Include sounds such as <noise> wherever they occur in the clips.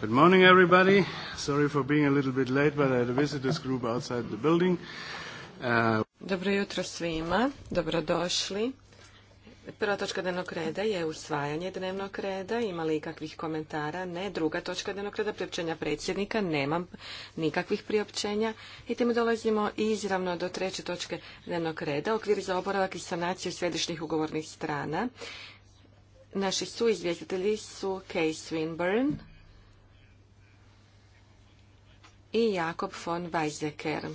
Good morning, everybody. Sorry for being a little bit late, but I had a visitors group outside the building. Uh, Dobro jutro svima, dobrodošli. Prva točka dnevnog reda je usvajanje dnevnog reda. Ima li ikakvih komentara? Ne. Druga točka dnevnog reda, priopćenja predsjednika. Nemam nikakvih priopćenja. I time dolazimo izravno do treće točke dnevnog reda. Okvir za oboravak i sanaciju središnjih ugovornih strana. Naši su izvjestitelji su Kay Swinburne i Jakob von Weizsäcker.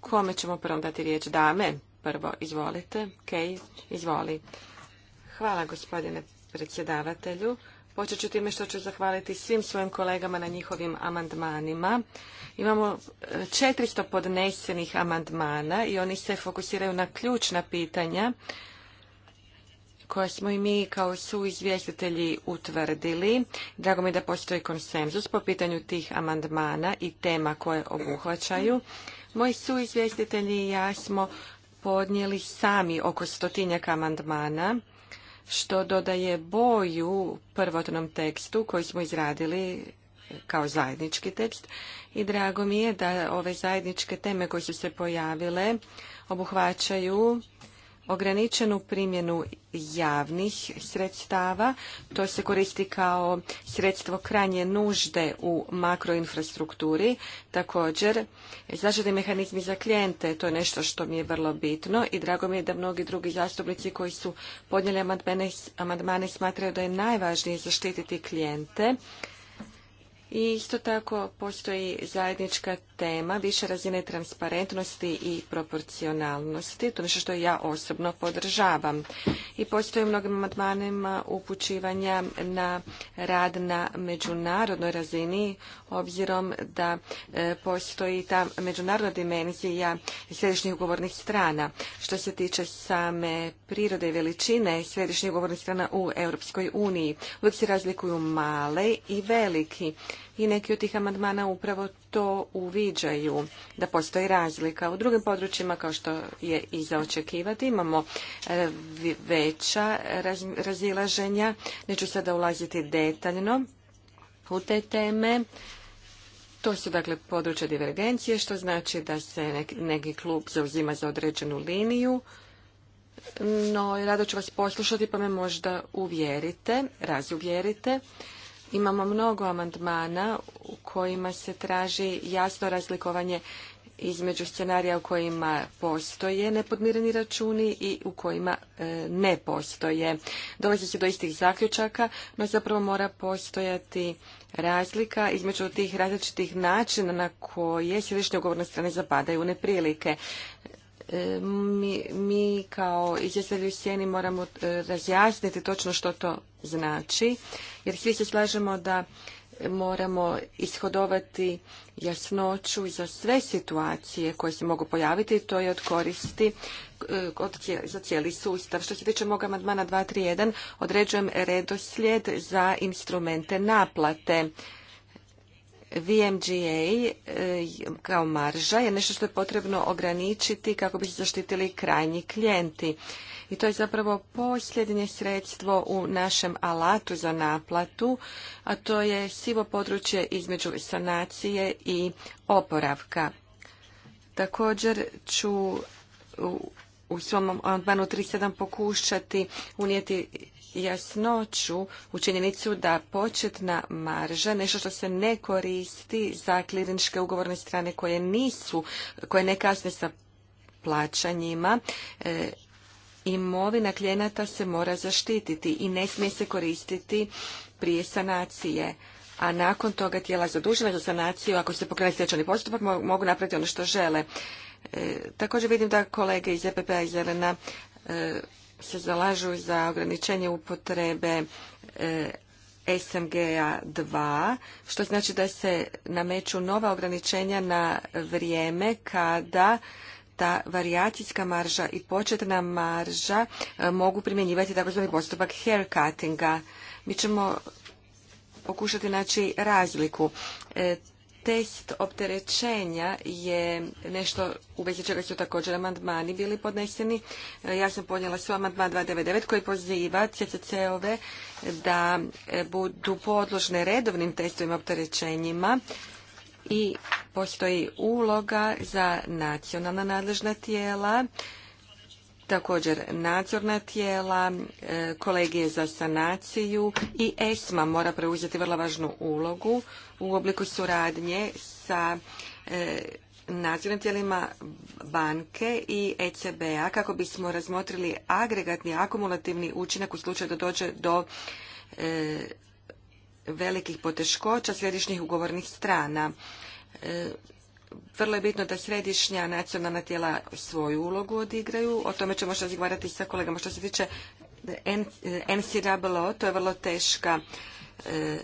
Kome ćemo prvom dati riječ? Dame, prvo, izvolite. Kej, izvoli. Hvala gospodine predsjedavatelju. Počet ću time što ću zahvaliti svim svojim kolegama na njihovim amandmanima. Imamo 400 e, podnesenih amandmana i oni se fokusiraju na ključna pitanja koja smo i mi kao suizvjestitelji utvrdili. Drago mi da postoji konsenzus po pitanju tih amandmana i tema koje obuhvaćaju. Moji suizvjestitelji i ja smo podnijeli sami oko stotinjak amandmana, što dodaje boju prvotnom tekstu koji smo izradili kao zajednički tekst i drago mi je da ove zajedničke teme koje su se pojavile obuhvaćaju ograničenu primjenu javnih sredstava. To se koristi kao sredstvo krajnje nužde u makroinfrastrukturi. Također, zaštiti mehanizmi za klijente, to je nešto što mi je vrlo bitno i drago mi je da mnogi drugi zastupnici koji su podnijeli amandmane smatraju da je najvažnije zaštititi klijente i isto tako postoji zajednička tema više razine transparentnosti i proporcionalnosti, to nešto što ja osobno podržavam. I postoji mnogim amandmanima upućivanja na rad na međunarodnoj razini, obzirom da e, postoji ta međunarodna dimenzija središnjih ugovornih strana. Što se tiče same prirode i veličine središnjih ugovornih strana u Europskoj uniji, se razlikuju male i veliki i neki od tih amandmana upravo to uviđaju, da postoji razlika. U drugim područjima, kao što je i za očekivati, imamo e, veća razilaženja. Neću sada ulaziti detaljno u te teme. To su dakle područje divergencije, što znači da se neki klub zauzima za određenu liniju. No, rado ću vas poslušati, pa me možda uvjerite, razuvjerite. Imamo mnogo amandmana u kojima se traži jasno razlikovanje između scenarija u kojima postoje nepodmireni računi i u kojima e, ne postoje. Dolazi se do istih zaključaka, no zapravo mora postojati razlika između tih različitih načina na koje središnje ugovorne strane zapadaju u neprilike. E, mi, mi kao izvjestitelji u sjeni moramo e, razjasniti točno što to znači, jer svi se slažemo da moramo ishodovati jasnoću za sve situacije koje se mogu pojaviti, to je od koristi e, za cijeli sustav. Što se tiče mog amandmana 231, određujem redoslijed za instrumente naplate. VMGA eh, kao marža je nešto što je potrebno ograničiti kako bi se zaštitili krajnji klijenti. I to je zapravo posljednje sredstvo u našem alatu za naplatu, a to je sivo područje između sanacije i oporavka. Također ću u svom amandmanu 37 pokušati unijeti jasnoću u činjenicu da početna marža, nešto što se ne koristi za kliničke ugovorne strane koje nisu, koje ne kasne sa plaćanjima, e, imovina klijenata se mora zaštititi i ne smije se koristiti prije sanacije a nakon toga tijela zadužena za sanaciju, ako se pokrene stečajni postupak, mogu napraviti ono što žele. E, također vidim da kolege iz EPP-a i Zelena e, se zalažu za ograničenje upotrebe e, SMG-a 2, što znači da se nameću nova ograničenja na vrijeme kada ta varijacijska marža i početna marža e, mogu primjenjivati takozvani postupak haircuttinga. Mi ćemo pokušati naći razliku. E, test opterećenja je nešto u vezi čega su također amandmani bili podneseni. E, ja sam podnijela svoj amandman 299 koji poziva CCC-ove da e, budu podložne redovnim testovim opterećenjima i postoji uloga za nacionalna nadležna tijela također nadzorna tijela, e, kolegije za sanaciju i ESMA mora preuzeti vrlo važnu ulogu u obliku suradnje sa e, nadzornim tijelima banke i ECB-a kako bismo razmotrili agregatni akumulativni učinak u slučaju da dođe do e, velikih poteškoća središnjih ugovornih strana vrlo je bitno da središnja nacionalna tijela svoju ulogu odigraju. O tome ćemo što razgovarati sa kolegama. Što se tiče e, NCAA, e, to je vrlo teška e,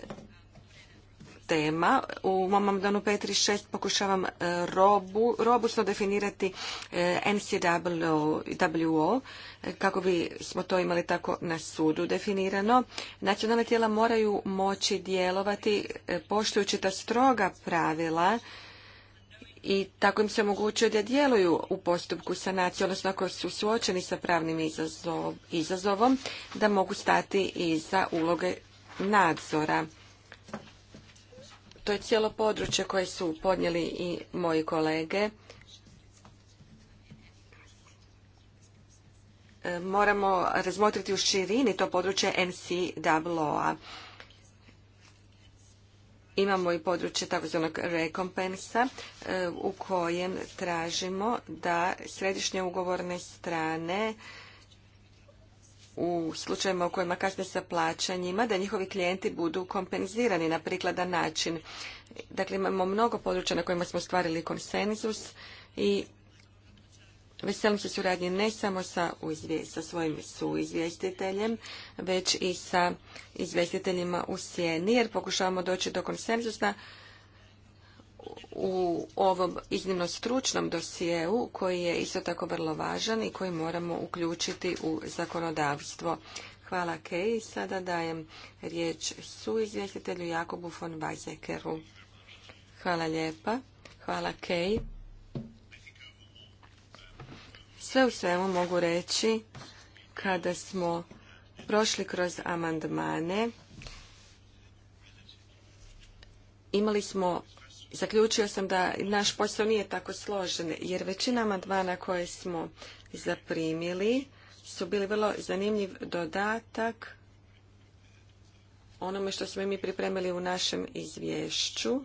tema. U mom danu 536 pokušavam robu, robustno definirati NCAA, kako bi smo to imali tako na sudu definirano. Nacionalna tijela moraju moći djelovati poštujući ta stroga pravila i tako im se omogućuje da djeluju u postupku sanacije, odnosno ako su suočeni sa pravnim izazovom, da mogu stati iza uloge nadzora. To je cijelo područje koje su podnijeli i moji kolege. E, moramo razmotriti u širini to područje NCAA-a imamo i područje tzv. rekompensa e, u kojem tražimo da središnje ugovorne strane u slučajevima u kojima kasne sa plaćanjima, da njihovi klijenti budu kompenzirani na prikladan način. Dakle, imamo mnogo područja na kojima smo stvarili konsenzus i Veselim se suradnje ne samo sa, sa svojim suizvjestiteljem, već i sa izvjestiteljima u sjeni, jer pokušavamo doći do konsenzusa u ovom iznimno stručnom dosijeu koji je isto tako vrlo važan i koji moramo uključiti u zakonodavstvo. Hvala Kej. Sada dajem riječ suizvjestitelju Jakobu von Weizekeru. Hvala lijepa. Hvala Kej. Sve u svemu mogu reći kada smo prošli kroz amandmane imali smo zaključio sam da naš posao nije tako složen jer većina amandmana koje smo zaprimili su bili vrlo zanimljiv dodatak onome što smo mi pripremili u našem izvješću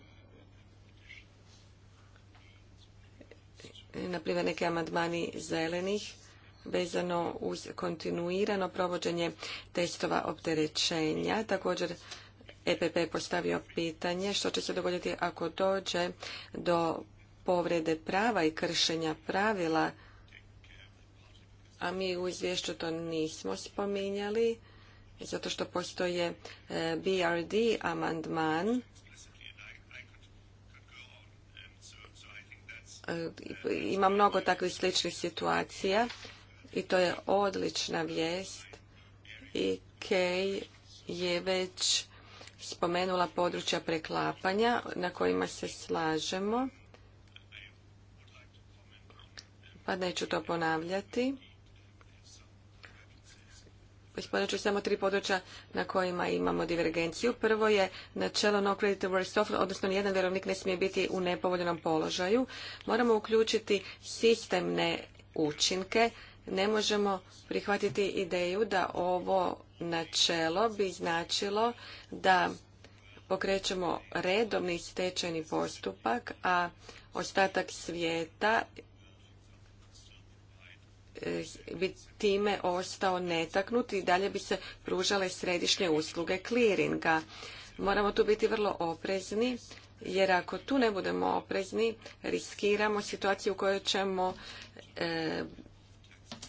naprimjer neki amandmani zelenih vezano uz kontinuirano provođenje testova opterećenja. Također EPP je postavio pitanje što će se dogoditi ako dođe do povrede prava i kršenja pravila, a mi u izvješću to nismo spominjali, zato što postoje e, BRD amandman Ima mnogo takvih sličnih situacija i to je odlična vijest. I Kej je već spomenula područja preklapanja na kojima se slažemo. Pa neću to ponavljati. Gospodine, ću samo tri područja na kojima imamo divergenciju. Prvo je načelo no credit Worst off, odnosno nijedan vjerovnik ne smije biti u nepovoljnom položaju. Moramo uključiti sistemne učinke. Ne možemo prihvatiti ideju da ovo načelo bi značilo da pokrećemo redovni stečajni postupak, a ostatak svijeta Eh, bi time ostao netaknut i dalje bi se pružale središnje usluge kliringa. Moramo tu biti vrlo oprezni jer ako tu ne budemo oprezni riskiramo situaciju u kojoj ćemo eh,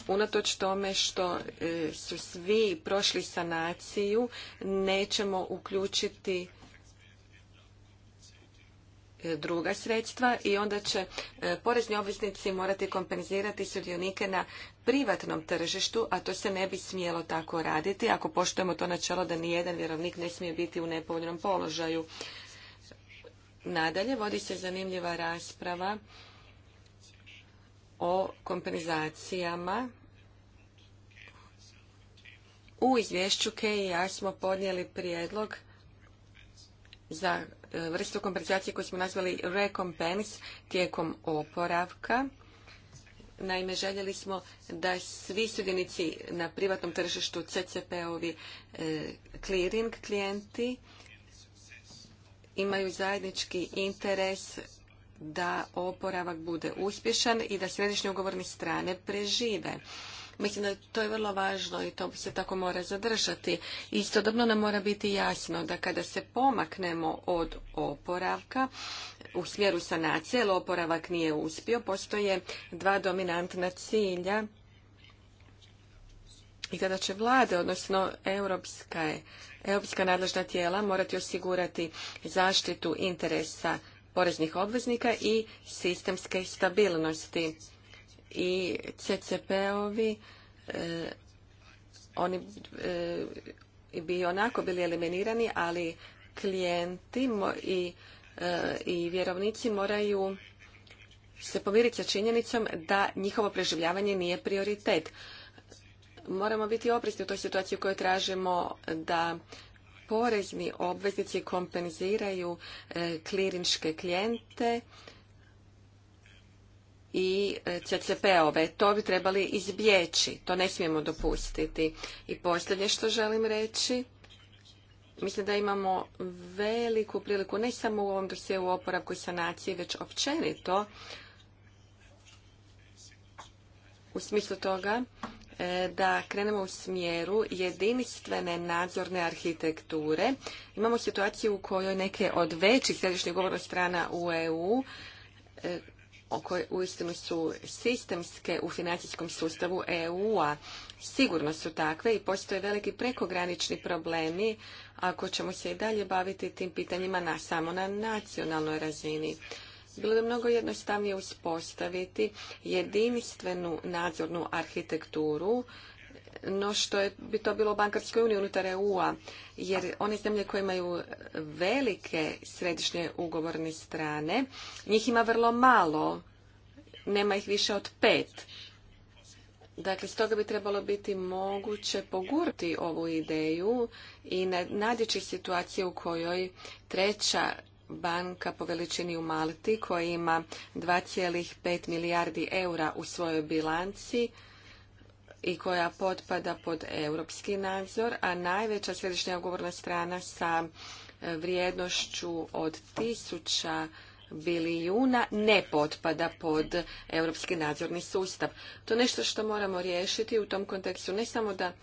unatoč tome što eh, su svi prošli sanaciju nećemo uključiti druga sredstva i onda će e, porezni obveznici morati kompenzirati sudionike na privatnom tržištu, a to se ne bi smjelo tako raditi ako poštujemo to načelo da nijedan vjerovnik ne smije biti u nepovoljnom položaju. Nadalje, vodi se zanimljiva rasprava o kompenzacijama. U izvješću Ke i ja smo podnijeli prijedlog za vrstu kompenzacije koju smo nazvali recompense tijekom oporavka. Naime, željeli smo da svi sudjenici na privatnom tržištu CCP-ovi e, clearing klijenti imaju zajednički interes da oporavak bude uspješan i da središnje ugovorne strane prežive. Mislim da to je vrlo važno i to se tako mora zadržati. Istodobno nam mora biti jasno da kada se pomaknemo od oporavka u smjeru sanacije, jer oporavak nije uspio, postoje dva dominantna cilja i kada će vlade, odnosno europska, europska nadležna tijela morati osigurati zaštitu interesa poreznih obveznika i sistemske stabilnosti i CCP-ovi e, oni bi e, bi onako bili eliminirani, ali klijenti i, e, i vjerovnici moraju se pomiriti sa činjenicom da njihovo preživljavanje nije prioritet. Moramo biti oprezni u toj situaciji u kojoj tražimo da porezni obveznici kompenziraju klirinške klijente i e, CCP-ove. To bi trebali izbjeći, to ne smijemo dopustiti. I posljednje što želim reći, mislim da imamo veliku priliku, ne samo u ovom dosjeu oporavku i sanaciji, već općenito u smislu toga e, da krenemo u smjeru jedinstvene nadzorne arhitekture. Imamo situaciju u kojoj neke od većih središnjih govornih strana u EU e, koje uistinu su sistemske u financijskom sustavu EU-a. Sigurno su takve i postoje veliki prekogranični problemi ako ćemo se i dalje baviti tim pitanjima na, samo na nacionalnoj razini. Bilo je mnogo jednostavnije uspostaviti jedinstvenu nadzornu arhitekturu no što je, bi to bilo u bankarskoj uniji unutar EU-a, jer one zemlje koje imaju velike središnje ugovorne strane, njih ima vrlo malo, nema ih više od pet. Dakle, stoga bi trebalo biti moguće pogurti ovu ideju i nadjeći situacije u kojoj treća banka po veličini u Malti koja ima 2,5 milijardi eura u svojoj bilanci i koja potpada pod europski nadzor, a najveća središnja ugovorna strana sa e, vrijednošću od tisuća bilijuna ne potpada pod europski nadzorni sustav. To je nešto što moramo riješiti u tom kontekstu. Ne samo da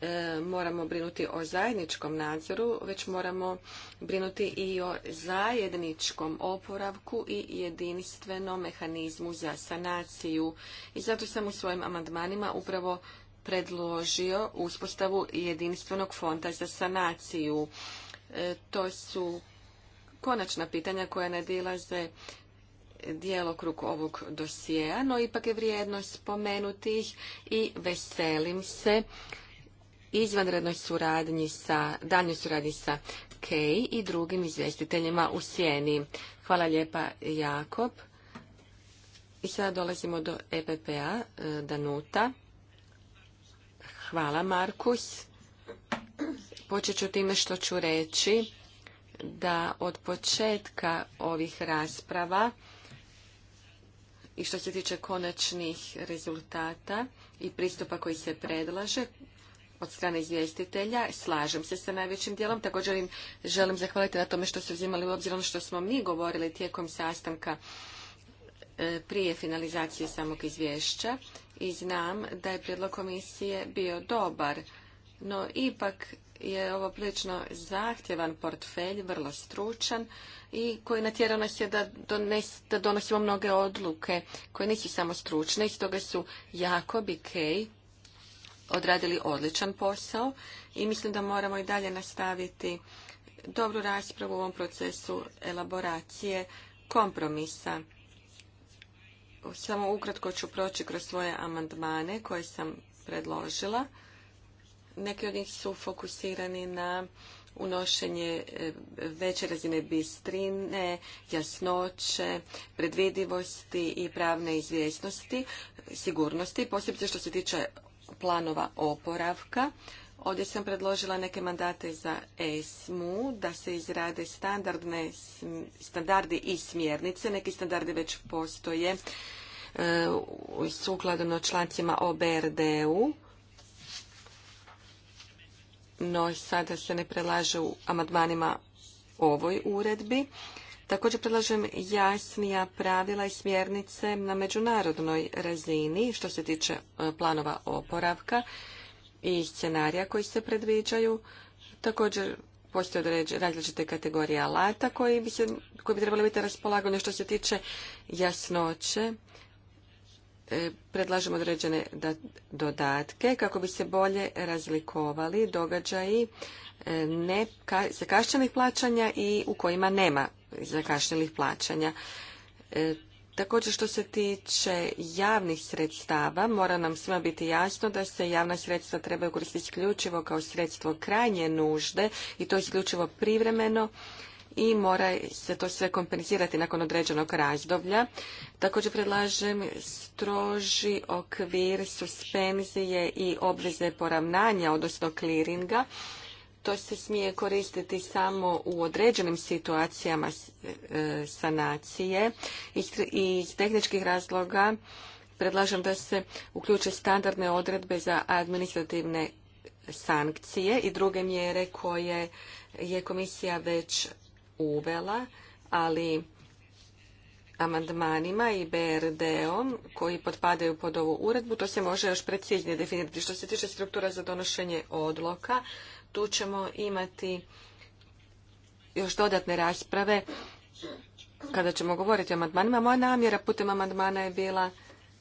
E, moramo brinuti o zajedničkom nadzoru, već moramo brinuti i o zajedničkom oporavku i jedinstvenom mehanizmu za sanaciju. I zato sam u svojim amandmanima upravo predložio uspostavu jedinstvenog fonda za sanaciju. E, to su konačna pitanja koja nadilaze djelokrug ovog dosijeja, no ipak je vrijedno spomenuti ih i veselim se izvanrednoj suradnji sa, daljnjoj suradnji sa Kej i drugim izvjestiteljima u Sjeni. Hvala lijepa Jakob. I sada dolazimo do EPP-a e, Danuta. Hvala Markus. Počet ću time što ću reći da od početka ovih rasprava i što se tiče konačnih rezultata i pristupa koji se predlaže, od strane izvjestitelja. Slažem se sa najvećim dijelom. Također želim zahvaliti na tome što su uzimali u obzir ono što smo mi govorili tijekom sastanka e, prije finalizacije samog izvješća i znam da je prijedlog komisije bio dobar, no ipak je ovo prilično zahtjevan portfelj, vrlo stručan i koji natjera nas je da, donosimo mnoge odluke koje nisu samo stručne i stoga su Jakob i Kej odradili odličan posao i mislim da moramo i dalje nastaviti dobru raspravu u ovom procesu elaboracije kompromisa. Samo ukratko ću proći kroz svoje amandmane koje sam predložila. Neki od njih su fokusirani na unošenje e, veće razine bistrine, jasnoće, predvidivosti i pravne izvjesnosti, sigurnosti, posebno što se tiče planova oporavka. Ovdje sam predložila neke mandate za ESMU, da se izrade standardne, standardi i smjernice. Neki standardi već postoje ukladom e, sukladno člancima OBRD-u, no sada se ne prelažu amandmanima ovoj uredbi. Također predlažem jasnija pravila i smjernice na međunarodnoj razini što se tiče e, planova oporavka i scenarija koji se predviđaju. Također postoje različite kategorije alata koji bi, se, koji bi trebali biti raspolagani što se tiče jasnoće. E, predlažem određene dodatke kako bi se bolje razlikovali događaji e, ne, zakašćenih plaćanja i u kojima nema zakašnjelih plaćanja. E, također što se tiče javnih sredstava, mora nam svima biti jasno da se javna sredstva trebaju koristiti isključivo kao sredstvo krajnje nužde i to isključivo privremeno i mora se to sve kompenzirati nakon određenog razdoblja. Također predlažem stroži okvir suspenzije i obveze poravnanja, odnosno kliringa to se smije koristiti samo u određenim situacijama e, sanacije. Iz tehničkih razloga predlažem da se uključe standardne odredbe za administrativne sankcije i druge mjere koje je komisija već uvela, ali amandmanima i BRD-om koji potpadaju pod ovu uredbu, to se može još preciznije definirati. Što se tiče struktura za donošenje odloka, tu ćemo imati još dodatne rasprave kada ćemo govoriti o amandmanima. Moja namjera putem amandmana je bila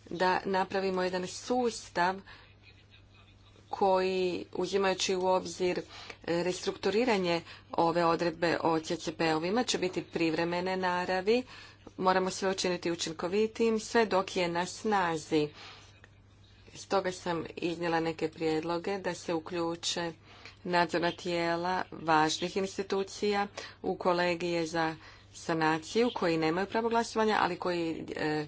da napravimo jedan sustav koji, uzimajući u obzir e, restrukturiranje ove odredbe o CCP-ovima, će biti privremene naravi. Moramo sve učiniti učinkovitim, sve dok je na snazi. Stoga sam iznijela neke prijedloge da se uključe nadzorna tijela važnih institucija u kolegije za sanaciju koji nemaju pravo glasovanja, ali koji e,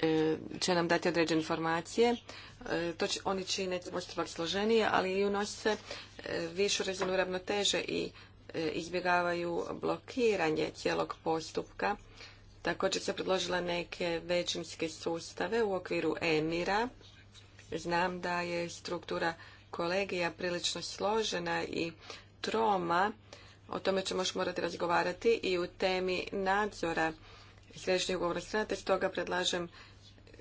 e, će nam dati određene informacije. E, to oni čine postupak složenije, ali i unose višu razinu ravnoteže i izbjegavaju blokiranje cijelog postupka. Također se predložila neke većinske sustave u okviru Emira. Znam da je struktura kolegija prilično složena i troma. O tome ćemo još morati razgovarati i u temi nadzora središnjeg ugovora Te Stoga predlažem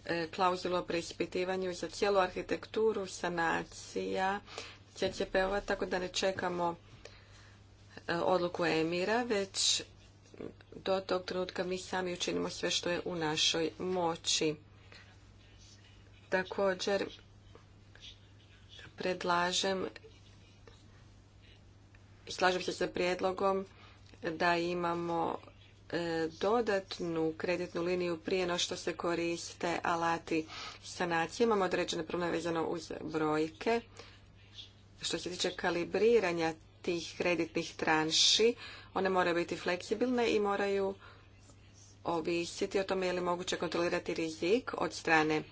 e, klauzulu o preispitivanju za cijelu arhitekturu sanacija CCP-ova, tako da ne čekamo e, odluku Emira, već do tog trenutka mi sami učinimo sve što je u našoj moći. Također, predlažem, slažem se sa prijedlogom da imamo e, dodatnu kreditnu liniju prije no što se koriste alati sanacije. Imamo određene probleme vezano uz brojke. Što se tiče kalibriranja tih kreditnih tranši, one moraju biti fleksibilne i moraju ovisiti o tome je li moguće kontrolirati rizik od strane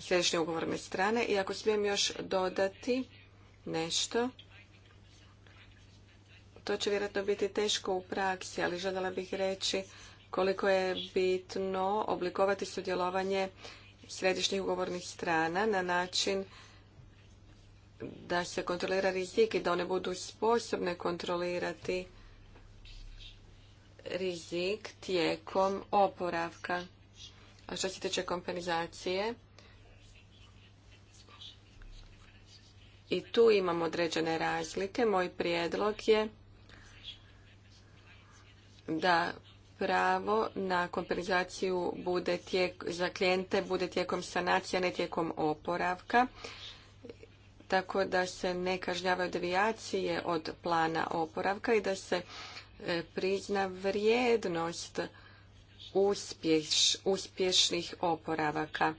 središnje ugovorne strane. I ako smijem još dodati nešto, to će vjerojatno biti teško u praksi, ali željela bih reći koliko je bitno oblikovati sudjelovanje središnjih ugovornih strana na način da se kontrolira rizik i da one budu sposobne kontrolirati rizik tijekom oporavka. A što se tiče kompenizacije I tu imamo određene razlike. Moj prijedlog je da pravo na kompenzaciju bude tijek, za klijente bude tijekom sanacija, ne tijekom oporavka, tako da se ne kažnjavaju devijacije od plana oporavka i da se e, prizna vrijednost uspješnih oporavaka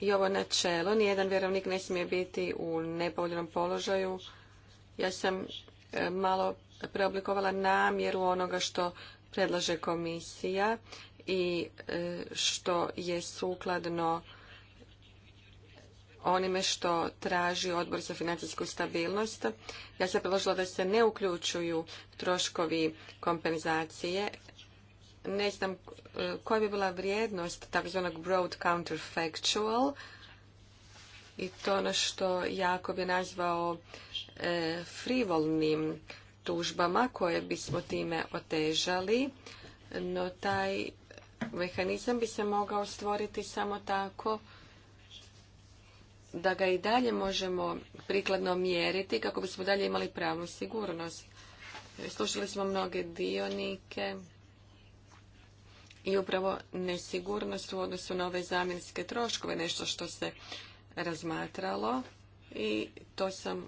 i ovo načelo. Nijedan vjerovnik ne smije biti u nepovoljnom položaju. Ja sam e, malo preoblikovala namjeru onoga što predlaže komisija i e, što je sukladno onime što traži odbor za financijsku stabilnost. Ja sam predložila da se ne uključuju troškovi kompenzacije ne znam e, koja bi bila vrijednost takozvanog broad counterfactual i to ono što jako bi nazvao e, frivolnim tužbama koje bismo time otežali, no taj mehanizam bi se mogao stvoriti samo tako da ga i dalje možemo prikladno mjeriti kako bismo dalje imali pravnu sigurnost. Slušali smo mnoge dionike i upravo nesigurnost u odnosu na ove zamjenske troškove, nešto što se razmatralo i to sam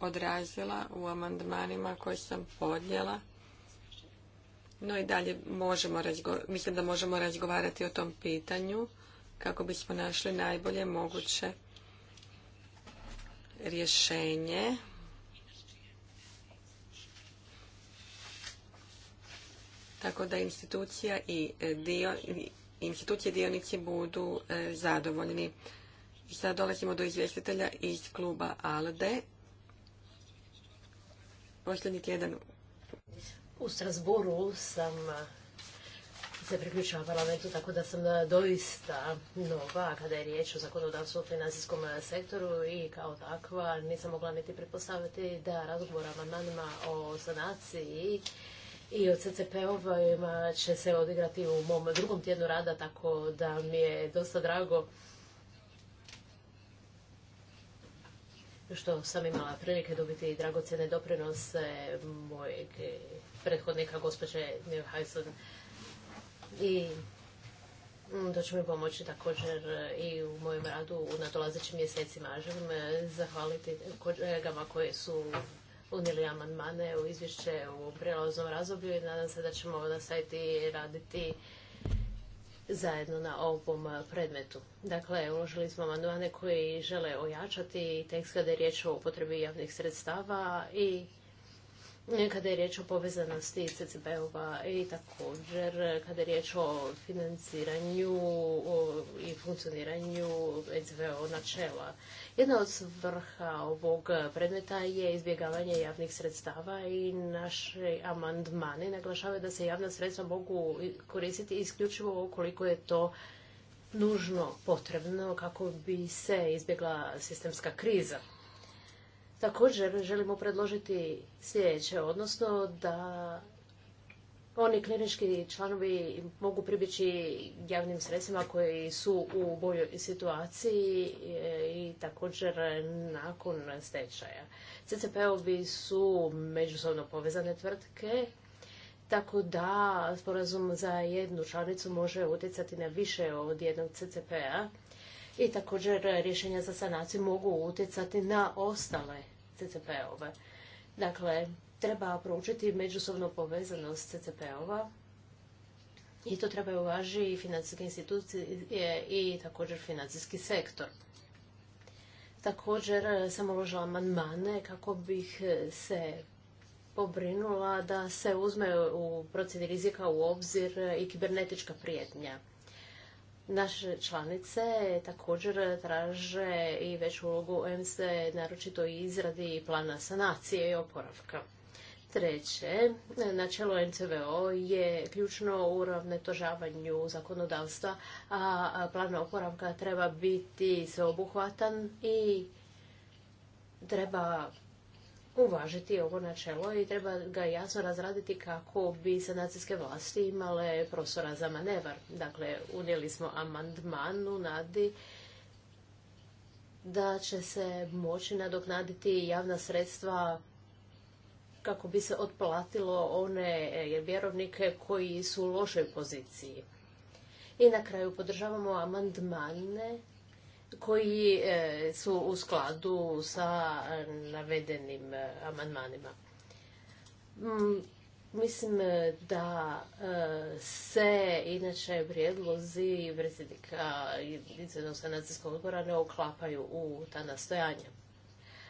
odrazila u amandmanima koje sam podnijela. No i dalje možemo, mislim da možemo razgovarati o tom pitanju kako bismo našli najbolje moguće rješenje tako da institucija i e, dio, institucije dionici budu e, zadovoljni. Sad dolazimo do izvjestitelja iz kluba ALDE. Posljednji tjedan u Strasburu sam e, se priključila parlamentu, tako da sam doista nova kada je riječ o zakonodavstvu u financijskom sektoru i kao takva nisam mogla niti pretpostaviti da razgovor amandmanima o sanaciji i od CCP-ovima će se odigrati u mom drugom tjednu rada, tako da mi je dosta drago što sam imala prilike dobiti dragocjene doprinose mojeg prethodnika, gospođe Neuhajsen. I mm, to će mi pomoći također i u mojem radu u nadolazećim mjesecima. Želim eh, zahvaliti kolegama koje su unijeli amandmane u izvješće u prijelaznom razdoblju i nadam se da ćemo nastaviti raditi zajedno na ovom predmetu. Dakle, uložili smo amandmane koji žele ojačati tekst kada je riječ o upotrebi javnih sredstava i kada je riječ o povezanosti ccb ova i također kada je riječ o financiranju i funkcioniranju ECVO načela. Jedna od svrha ovog predmeta je izbjegavanje javnih sredstava i naši amandmani naglašavaju da se javna sredstva mogu koristiti isključivo ukoliko je to nužno potrebno kako bi se izbjegla sistemska kriza. Također želimo predložiti sljedeće, odnosno da oni klinički članovi mogu pribići javnim sredstvima koji su u boljoj situaciji e, i također nakon stečaja. CCP-ovi su međusobno povezane tvrtke, tako da sporazum za jednu članicu može utjecati na više od jednog CCP-a i također e, rješenja za sanaciju mogu utjecati na ostale CCP-ove. Dakle, treba proučiti međusobnu povezanost CCP-ova i to treba uvaži i financijske institucije i također financijski sektor. Također e, sam uložila manmane kako bih e, se pobrinula da se uzme u procjeni rizika u obzir i kibernetička prijetnja. Naše članice također traže i veću ulogu OMS, naročito i izradi plana sanacije i oporavka. Treće, načelo NCVO je ključno u ravnetožavanju zakonodavstva, a plan oporavka treba biti sveobuhvatan i treba uvažiti ovo načelo i treba ga jasno razraditi kako bi sanacijske vlasti imale prostora za manevar. Dakle, unijeli smo amandman u nadi da će se moći nadoknaditi javna sredstva kako bi se otplatilo one eh, vjerovnike koji su u lošoj poziciji. I na kraju podržavamo amandmane koji e, su u skladu sa e, navedenim e, amandmanima. Mm, mislim da se inače prijedlozi predsjednika jedinstvenog sanacijskog odbora ne oklapaju u ta nastojanja.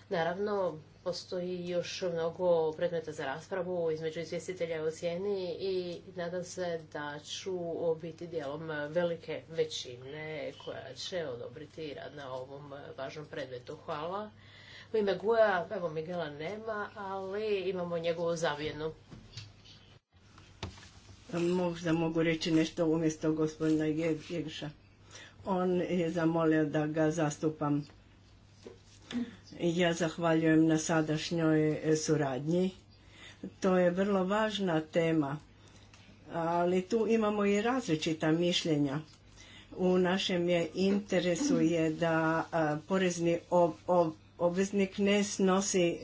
Naravno, postoji još mnogo predmeta za raspravu između izvjestitelja u sjeni i nadam se da ću biti dijelom velike većine koja će odobriti rad na ovom važnom predmetu. Hvala. U ime Guja, evo Miguela nema, ali imamo njegovu zavijenu. Možda mogu reći nešto umjesto gospodina Jegša. On je zamolio da ga zastupam ja zahvaljujem na sadašnjoj e, suradnji. To je vrlo važna tema, ali tu imamo i različita mišljenja. U našem je interesu je da porezni obveznik ne snosi e,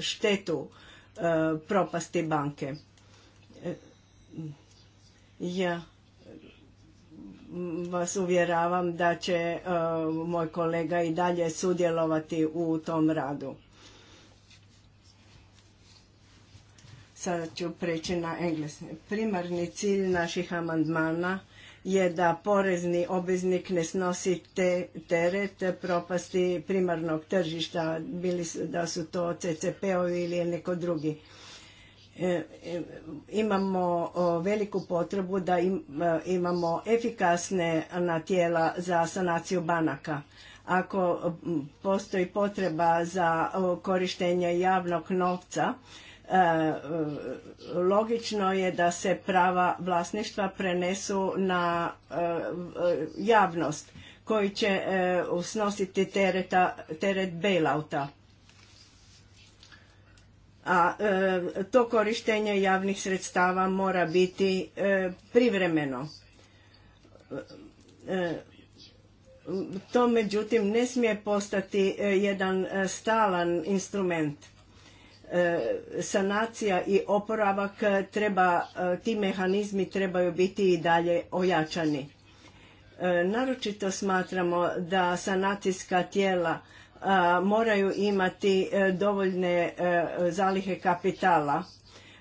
štetu e, propasti banke. ja vas uvjeravam da će e, moj kolega i dalje sudjelovati u tom radu. Sada ću preći na engleski. Primarni cilj naših amandmana je da porezni obveznik ne snosi te, teret propasti primarnog tržišta, bili da su to CCP-ovi ili neko drugi. E, e, imamo veliku potrebu da e, imamo efikasne tijela za sanaciju banaka. Ako postoji potreba za korištenje javnog novca, logično je da se prava vlasništva prenesu na javnost koji će snositi teret bailouta a e, to korištenje javnih sredstava mora biti e, privremeno. E, to međutim ne smije postati jedan stalan instrument. Sanacija i oporavak treba, ti mehanizmi trebaju biti i dalje ojačani. Naročito smatramo da sanacijska tijela moraju imati e, dovoljne e, zalihe kapitala.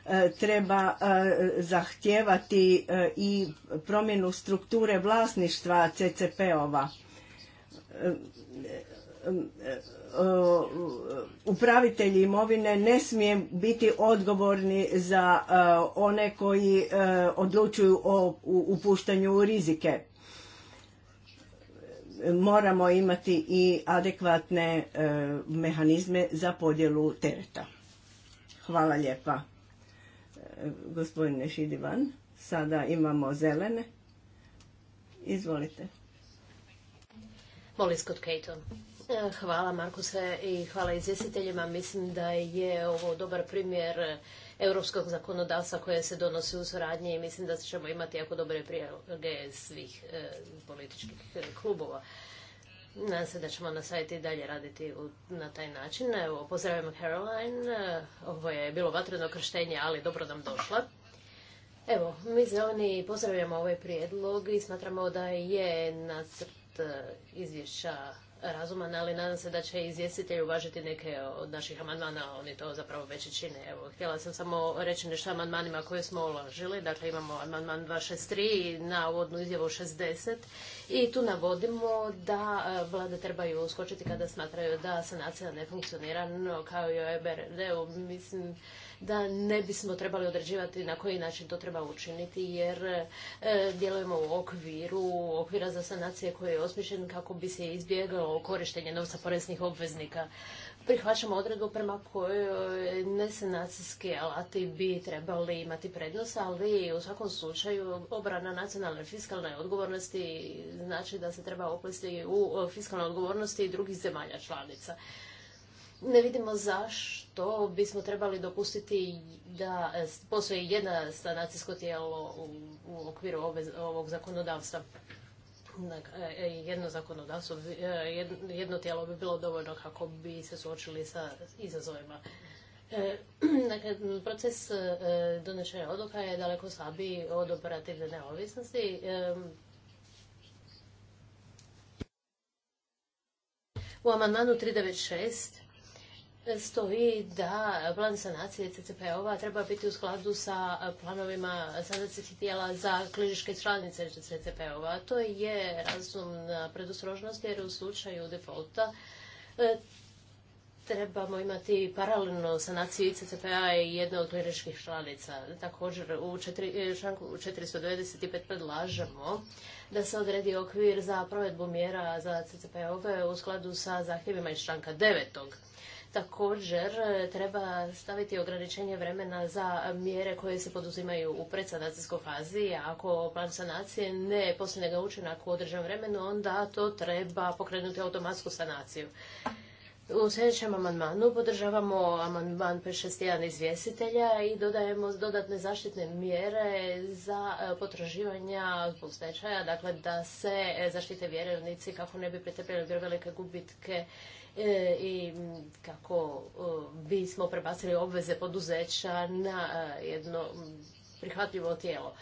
E, treba zahtijevati i promjenu strukture vlasništva CCP-ova. Upravitelji imovine ne smije biti odgovorni za one koji odlučuju o upuštanju u rizike moramo imati i adekvatne e, mehanizme za podjelu tereta. Hvala lijepa. E, gospodine Šidivan, sada imamo zelene. Izvolite. Molim Scott Cato. E, hvala Markuse i hvala izvjestiteljima. Mislim da je ovo dobar primjer europskog zakonodavstva koje se donosi u suradnji i mislim da ćemo imati jako dobre prijeloge svih e, političkih e, klubova. Nadam se da ćemo na i dalje raditi na taj način. Evo, pozdravljam Caroline. E, ovo je bilo vatreno krštenje, ali dobro nam došla. Evo, mi oni pozdravljamo ovaj prijedlog i smatramo da je nacrt izvješća razuman, ali nadam se da će izvjestitelj uvažiti neke od naših amandmana, oni to zapravo već i čine. Evo, htjela sam samo reći nešto o amandmanima koje smo uložili, dakle imamo amandman 263 na uvodnu izjavu 60 i tu navodimo da e, vlade trebaju uskočiti kada smatraju da sanacija ne funkcionira, kao i o EBRD-u, mislim, da ne bismo trebali određivati na koji način to treba učiniti jer e, djelujemo u okviru okvira za sanacije koji je osmišljen kako bi se izbjeglo korištenje novca poreznih obveznika. Prihvaćamo odredbu prema kojoj nesanacijski alati bi trebali imati prednost, ali u svakom slučaju obrana nacionalne fiskalne odgovornosti znači da se treba oplesti u fiskalne odgovornosti i drugih zemalja članica ne vidimo zašto bismo trebali dopustiti da e, postoji jedna sanacijsko tijelo u, okviru ovog zakonodavstva. E, e, jedno zakonodavstvo, jedno tijelo bi bilo dovoljno kako bi se suočili sa izazovima. <clears throat> Dakle, proces donošenja odluka je daleko slabiji od operativne neovisnosti. U amandmanu 396 stoji da plan sanacije CCP-ova treba biti u skladu sa planovima sanacijskih tijela za kliničke članice CCP-ova. To je razumna predostrožnost jer u slučaju defolta e, trebamo imati paralelno sanaciju CCP-a i jedne od kliničkih članica. Također u e, četiristo članku 495 predlažemo da se odredi okvir za provedbu mjera za CCP-ove u skladu sa zahtjevima iz članka 9. Također e, treba staviti ograničenje vremena za mjere koje se poduzimaju u predsanacijskoj fazi. Ako plan sanacije ne posljednjega učinak u određenom vremenu, onda to treba pokrenuti automatsku sanaciju. U sljedećem amandmanu podržavamo amandman 561 izvjestitelja i dodajemo dodatne zaštitne mjere za e, potraživanja zbog stečaja, dakle da se e, zaštite vjerovnici kako ne bi pretrpjeli velike gubitke e, i kako bismo prebacili obveze poduzeća na jedno prihvatljivo tijelo.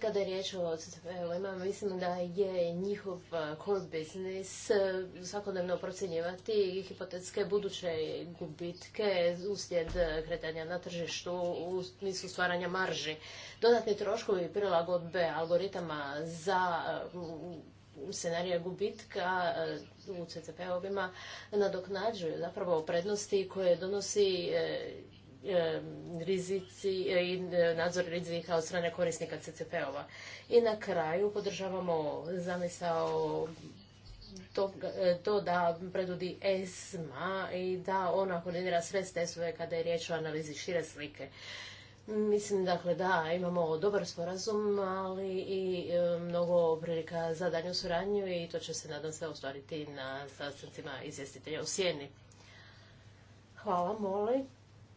Kada je riječ o CCPL-ima, mislim da je njihov e, core business e, svakodnevno procjenjivati hipotetske buduće gubitke uslijed kretanja na tržištu u smislu stvaranja marži. Dodatni troškovi prilagodbe algoritama za e, scenarije gubitka u CCP-ovima nadoknađuju zapravo prednosti koje donosi rizici e, i e, nadzor rizika od strane korisnika CCP-ova. I na kraju podržavamo zamisao e, to, da predudi ESMA i da ona koordinira sve stesove kada je riječ o analizi šire slike. Mislim, dakle, da, imamo dobar sporazum, ali i mnogo prilika za danju suradnju i to će se, nadam se, ostvariti na sastancima izvjestitelja u Sjeni. Hvala, molim.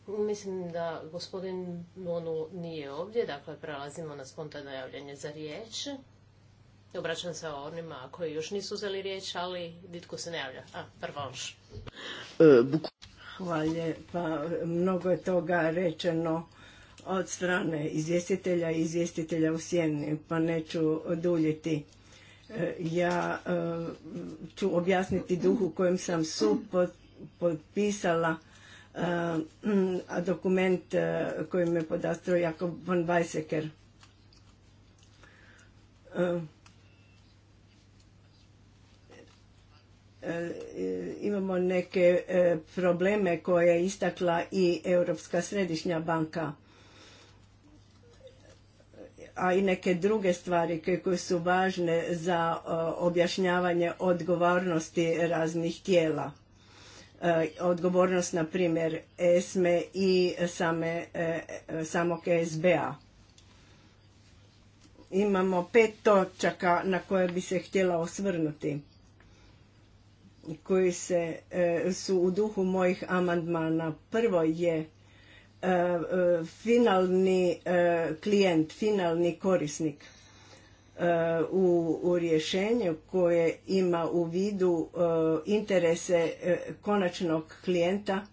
Mislim da gospodin Monu nije ovdje, dakle prelazimo na spontano javljanje za riječ. Obraćam se onima koji još nisu uzeli riječ, ali Ditko se ne javlja. A, e, Hvala, pa mnogo je toga rečeno od strane izvjestitelja i izvjestitelja u sjeni, pa neću duljiti. E, ja e, ću objasniti duhu kojem sam su potpisala a dokument e, koji me podastro Jakob von Weisseker. E, e, imamo neke probleme koje je istakla i Europska središnja banka a i neke druge stvari koje su važne za objašnjavanje odgovornosti raznih tijela E, odgovornost na primjer ESME i e, samog SBA. Imamo pet točaka na koje bi se htjela osvrnuti koji se, e, su u duhu mojih amandmana. Prvo je finalni klijent, finalni korisnik u, u rješenju koje ima u vidu e, interese e, konačnog klijenta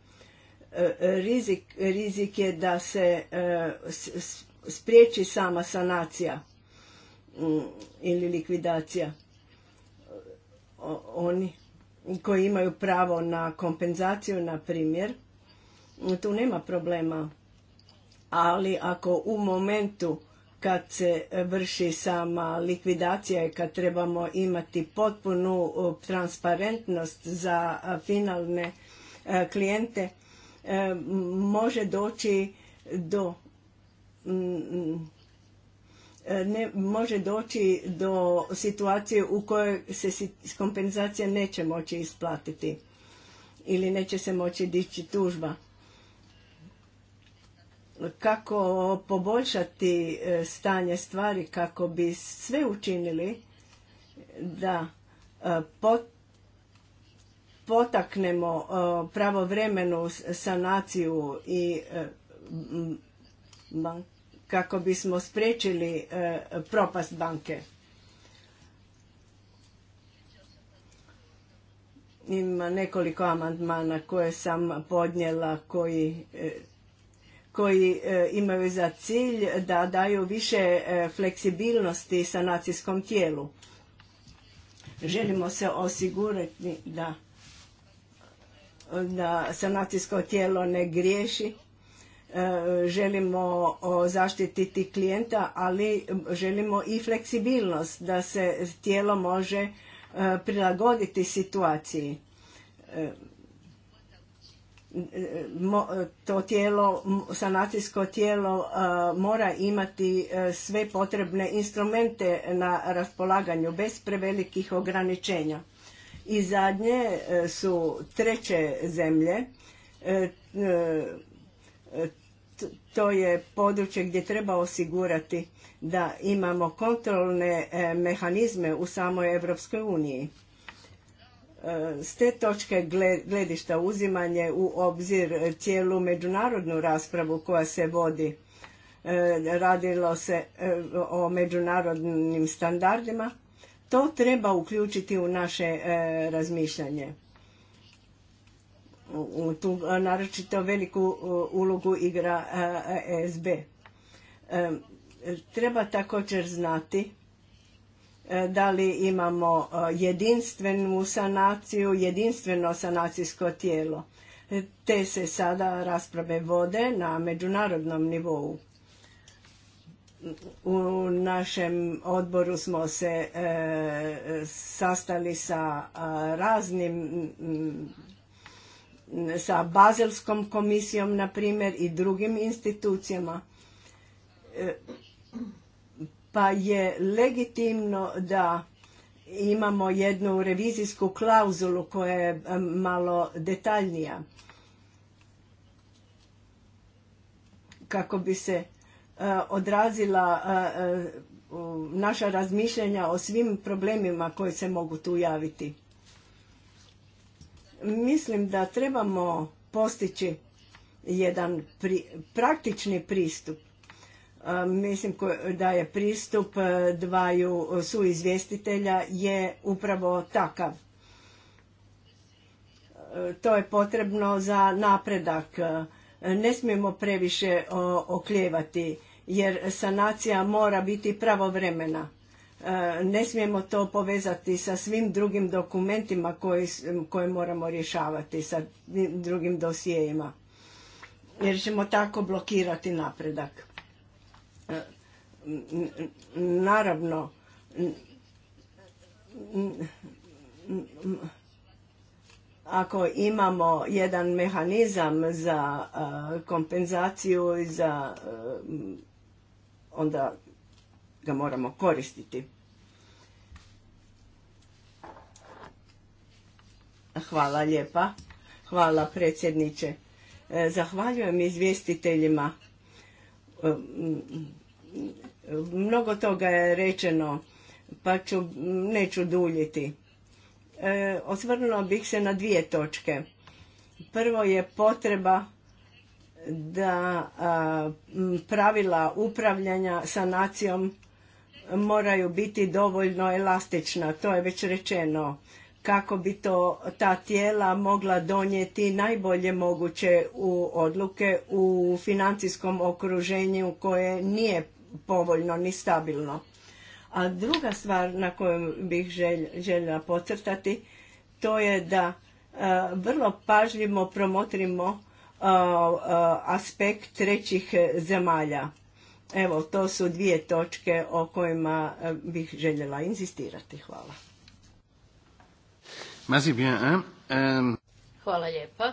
e, rizik, rizik je da se spriječi sama sanacija mm, ili likvidacija oni koji imaju pravo na kompenzaciju na primjer tu nema problema ali ako u momentu kad se vrši sama likvidacija i kad trebamo imati potpunu transparentnost za finalne klijente, e, može doći do e, ne, može doći do situacije u kojoj se kompenzacija neće moći isplatiti ili neće se moći dići tužba kako poboljšati e, stanje stvari, kako bi sve učinili da e, potaknemo e, pravovremenu sanaciju i kako bismo spriječili propast banke. Ima nekoliko amandmana koje sam podnijela koji koji e, imaju za cilj da daju više e, fleksibilnosti sanacijskom tijelu. Želimo se osigurati da, da sanacijsko tijelo ne griješi, e, želimo zaštititi klijenta, ali želimo i fleksibilnost da se tijelo može prilagoditi situaciji to tijelo, sanacijsko tijelo e, mora imati e, sve potrebne instrumente na raspolaganju bez prevelikih ograničenja. I zadnje e, su treće zemlje, to je područje gdje treba osigurati da imamo kontrolne mehanizme u samoj Europskoj uniji E, s te točke gledišta uzimanje u obzir cijelu međunarodnu raspravu koja se vodi, e, radilo se e, o međunarodnim standardima, to treba uključiti u naše razmišljanje. U tu naročito veliku ulogu igra SB. Treba također znati E, da li imamo e, jedinstvenu sanaciju, jedinstveno sanacijsko tijelo. E, te se sada rasprave vode na međunarodnom nivou. U našem odboru smo se sastali sa raznim, sa Bazelskom komisijom, na primjer, i drugim institucijama pa je legitimno da imamo jednu revizijsku klauzulu koja je e, malo detaljnija kako bi se e, odrazila e, naša razmišljanja o svim problemima koji se mogu tu javiti. Mislim da trebamo postići jedan praktični pristup E, mislim da je pristup e, dvaju suizvjestitelja je upravo takav. E, to je potrebno za napredak. Ne smijemo previše okljevati jer sanacija mora biti pravovremena. Ne smijemo to povezati sa svim drugim dokumentima koje moramo rješavati, sa drugim dosijejima jer ćemo tako blokirati napredak. Naravno, ako imamo jedan mehanizam za e, kompenzaciju i za e, onda ga moramo koristiti. Hvala lijepa. Hvala predsjedniče. E, zahvaljujem izvjestiteljima mnogo toga je rečeno, pa ću, neću duljiti. E, osvrnula bih se na dvije točke. Prvo je potreba da pravila upravljanja sanacijom moraju biti dovoljno elastična, to je već rečeno, kako bi to ta tijela mogla donijeti najbolje moguće u odluke u financijskom okruženju koje nije povoljno ni stabilno. A druga stvar na koju bih željela pocrtati, to je da e, vrlo pažljivo promotrimo e, aspekt trećih zemalja. Evo, to su dvije točke o kojima e, bih željela inzistirati. Hvala. Euh, Hvala lijepa.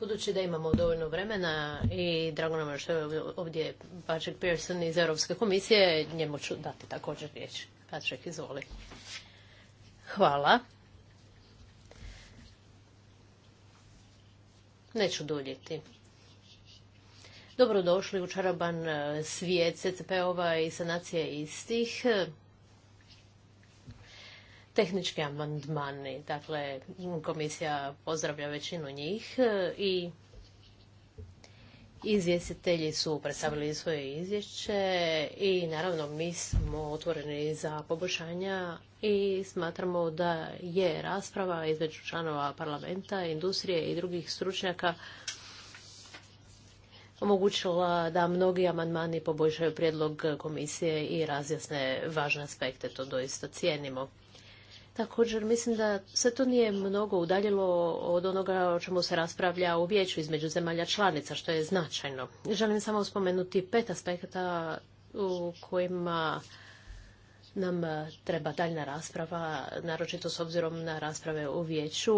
Budući da imamo dovoljno vremena i drago nam je što je ovdje Patrick Pearson iz Europske komisije, njemu ću dati također riječ. Patrick, izvoli. Hvala. Neću duljiti. Dobrodošli u čaraban eh, svijet CCP-ova i sanacije istih tehnički amandmani. Dakle, komisija pozdravlja većinu njih e, i izvjestitelji su predstavili svoje izvješće i naravno mi smo otvoreni za poboljšanja i smatramo da je rasprava između članova parlamenta, industrije i drugih stručnjaka omogućila da mnogi amandmani poboljšaju prijedlog komisije i razjasne važne aspekte. To doista cijenimo. Također mislim da se to nije mnogo udaljilo od onoga o čemu se raspravlja u vijeću između zemalja članica, što je značajno. Želim samo spomenuti pet aspekata u kojima nam treba daljna rasprava, naročito s obzirom na rasprave u vijeću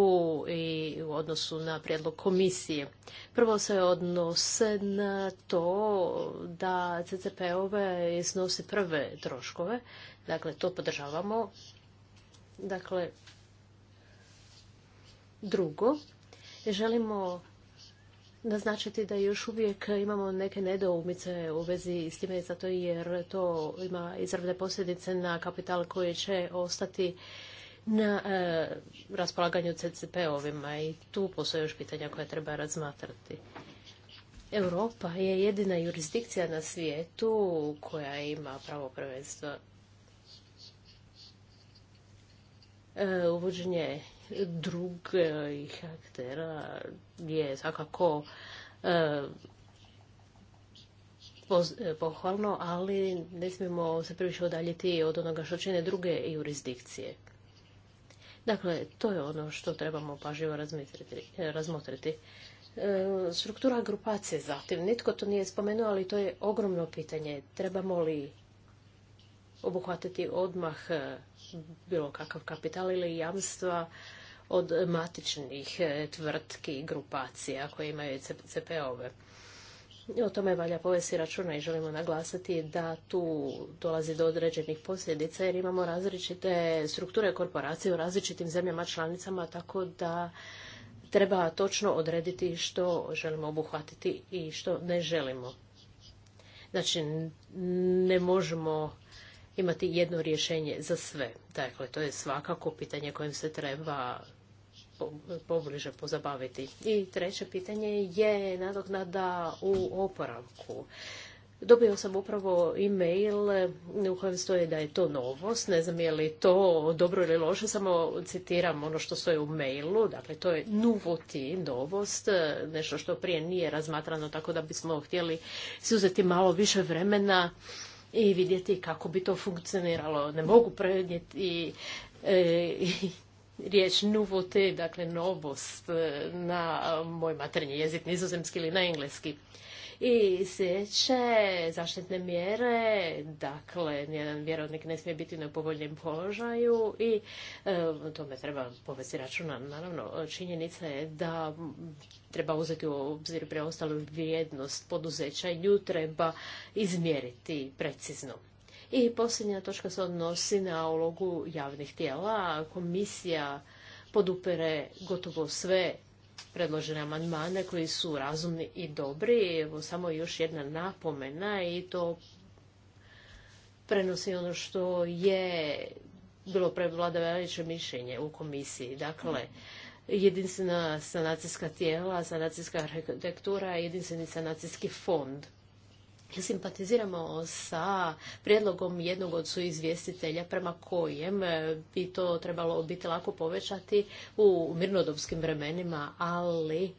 i u odnosu na prijedlog komisije. Prvo se odnose na to da CCP-ove iznosi prve troškove, dakle to podržavamo, Dakle, drugo, želimo naznačiti da još uvijek imamo neke nedoumice u vezi s time, zato jer to ima izravne posljedice na kapital koji će ostati na e, raspolaganju CCP-ovima i tu postoje još pitanja koja treba razmatrati. Europa je jedina jurisdikcija na svijetu koja ima pravo prvenstva E, uvođenje drugih aktera je svakako e, e, pohvalno, ali ne smijemo se previše odaljiti od onoga što čine druge jurisdikcije. Dakle, to je ono što trebamo pažljivo razmotriti. Struktura grupacije zatim, nitko to nije spomenuo, ali to je ogromno pitanje. Trebamo li obuhvatiti odmah e, bilo kakav kapital ili jamstva od matičnih e, tvrtki i grupacija koje imaju CPO-ve. O tome valja povesti računa i želimo naglasiti da tu dolazi do određenih posljedica jer imamo različite strukture korporacije u različitim zemljama članicama tako da treba točno odrediti što želimo obuhvatiti i što ne želimo. Znači, ne možemo imati jedno rješenje za sve. Dakle, to je svakako pitanje kojim se treba pobliže pozabaviti. I treće pitanje je nadoknada u oporavku. Dobio sam upravo e-mail u kojem stoji da je to novost. Ne znam je li to dobro ili loše, samo citiram ono što stoji u mailu. Dakle, to je nuvoti, novost, nešto što prije nije razmatrano, tako da bismo htjeli se uzeti malo više vremena i vidjeti kako bi to funkcioniralo. Ne mogu prenijeti e, riječ nuvote, dakle novost e, na moj maternji jezik, nizozemski ili na engleski i sjeće zaštitne mjere, dakle, nijedan vjerovnik ne smije biti na povoljnim položaju i e, tome treba povesti računa. Naravno, činjenica je da treba uzeti u obzir preostalu vrijednost poduzeća i nju treba izmjeriti precizno. I posljednja točka se odnosi na ulogu javnih tijela. Komisija podupere gotovo sve predložene amandmane koji su razumni i dobri. Evo samo još jedna napomena i to prenosi ono što je bilo prevladavajuće mišljenje u komisiji. Dakle, jedinstvena sanacijska tijela, sanacijska arhitektura, jedinstveni sanacijski fond simpatiziramo sa prijedlogom jednog od izvjestitelja prema kojem e, bi to trebalo biti lako povećati u mirnodopskim vremenima, ali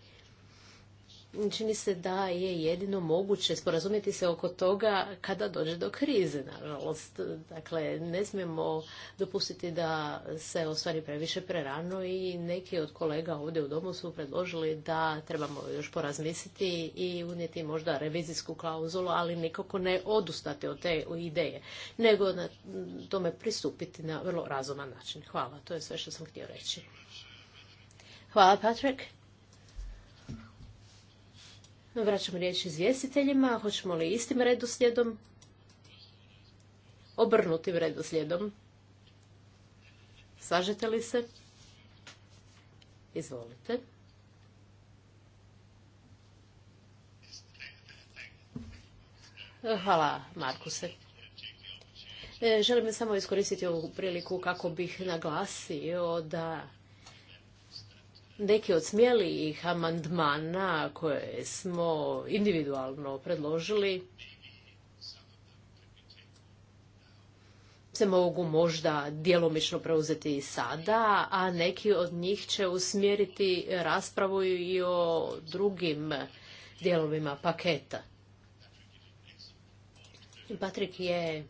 čini se da je jedino moguće sporazumjeti se oko toga kada dođe do krize, nažalost. Dakle, ne smijemo dopustiti da se ostvari previše prerano i neki od kolega ovdje u domu su predložili da trebamo još porazmisliti i unijeti možda revizijsku klauzulu, ali nikako ne odustati od te ideje, nego na tome pristupiti na vrlo razuman način. Hvala, to je sve što sam htio reći. Hvala, Patrick. Vraćamo riječ izvjestiteljima. Hoćemo li istim redoslijedom? Obrnutim redoslijedom. Slažete li se? Izvolite. Hvala, Markuse. E, želim samo iskoristiti ovu priliku kako bih naglasio da neki od smjelijih amandmana koje smo individualno predložili se mogu možda djelomično preuzeti i sada, a neki od njih će usmjeriti raspravu i o drugim dijelovima paketa. Patrik je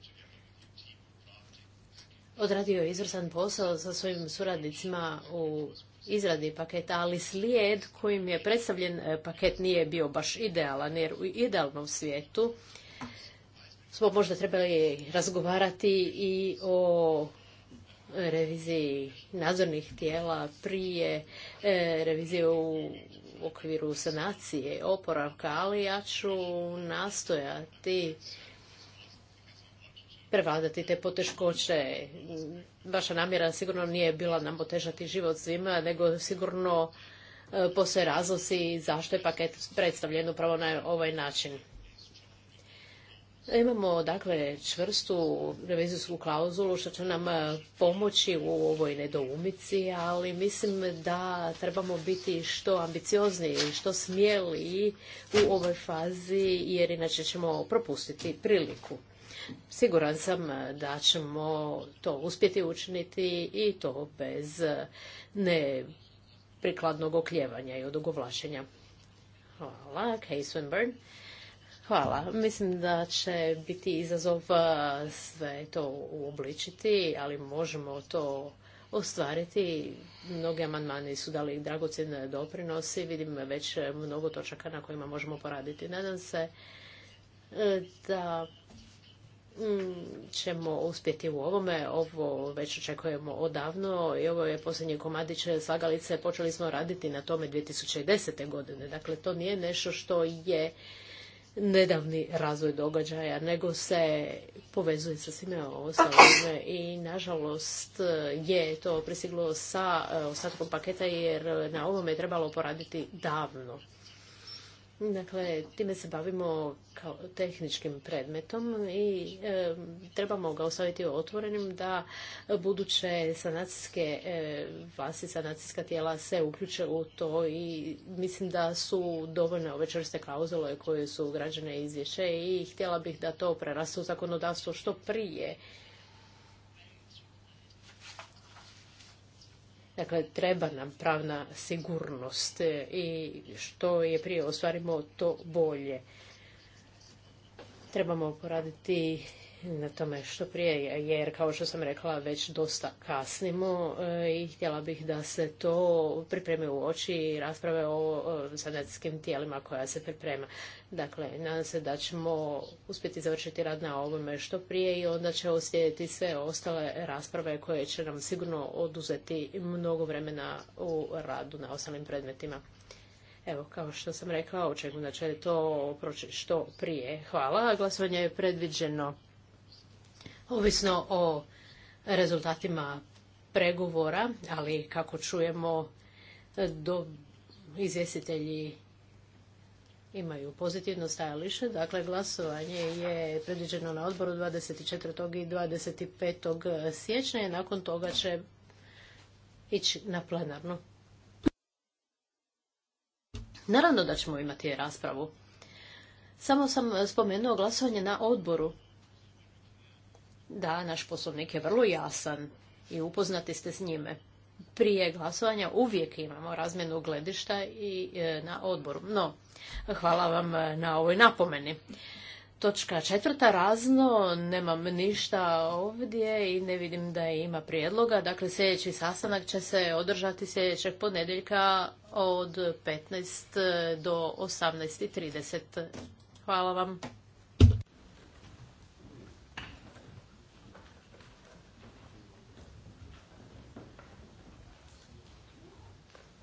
odradio izvrsan posao sa svojim suradnicima u izradi paketa, ali slijed kojim je predstavljen e, paket nije bio baš idealan, jer u idealnom svijetu smo možda trebali razgovarati i o reviziji nadzornih tijela prije e, revizije u okviru sanacije, oporavka, ali ja ću nastojati prevladati te poteškoće. Vaša namjera sigurno nije bila nam otežati život svima, nego sigurno e, postoje razlozi zašto je paket predstavljen upravo na ovaj način. Imamo dakle čvrstu revizijsku klauzulu što će nam e, pomoći u ovoj nedoumici, ali mislim da trebamo biti što ambiciozniji, što smjeli u ovoj fazi jer inače ćemo propustiti priliku. Siguran sam e, da ćemo to uspjeti učiniti i to bez e, neprikladnog okljevanja i odugovlačenja. Hvala, Hvala. Mislim da će biti izazov e, sve to uobličiti, ali možemo to ostvariti. Mnogi amandmani su dali dragocjene doprinose vidim već mnogo točaka na kojima možemo poraditi. Nadam se da Mm, ćemo uspjeti u ovome. Ovo već očekujemo odavno i ovo je posljednje komadiće slagalice. Počeli smo raditi na tome 2010. godine. Dakle, to nije nešto što je nedavni razvoj događaja, nego se povezuje sa svime ostalim i nažalost je to prisiglo sa e, ostatkom paketa jer na ovome je trebalo poraditi davno. Dakle, time se bavimo kao tehničkim predmetom i e, trebamo ga ostaviti otvorenim da buduće sanacijske e, vlasti, sanacijska tijela se uključe u to i mislim da su dovoljne ove čvrste klauzule koje su građane izvješće i htjela bih da to prerastu u zakonodavstvo što prije. Dakle, treba nam pravna sigurnost e, i što je prije ostvarimo, to bolje. Trebamo poraditi na tome što prije, jer kao što sam rekla već dosta kasnimo e, i htjela bih da se to pripremi u oči i rasprave o sanacijskim tijelima koja se priprema. Dakle, nadam se da ćemo uspjeti završiti rad na ovome što prije i onda će oslijediti sve ostale rasprave koje će nam sigurno oduzeti mnogo vremena u radu na ostalim predmetima. Evo, kao što sam rekla, očekujem da će to proći što prije. Hvala. Glasovanje je predviđeno ovisno o rezultatima pregovora, ali kako čujemo izvjestitelji imaju pozitivno stajalište. Dakle, glasovanje je predviđeno na odboru 24. i 25. siječnja i nakon toga će ići na plenarnu. Naravno da ćemo imati raspravu. Samo sam spomenuo glasovanje na odboru. Da, naš poslovnik je vrlo jasan i upoznati ste s njime. Prije glasovanja uvijek imamo razmjenu gledišta i e, na odboru. No, hvala vam e, na ovoj napomeni. Točka četvrta razno, nemam ništa ovdje i ne vidim da ima prijedloga. Dakle, sljedeći sastanak će se održati sljedećeg ponedjeljka od 15 do 18.30. Hvala vam.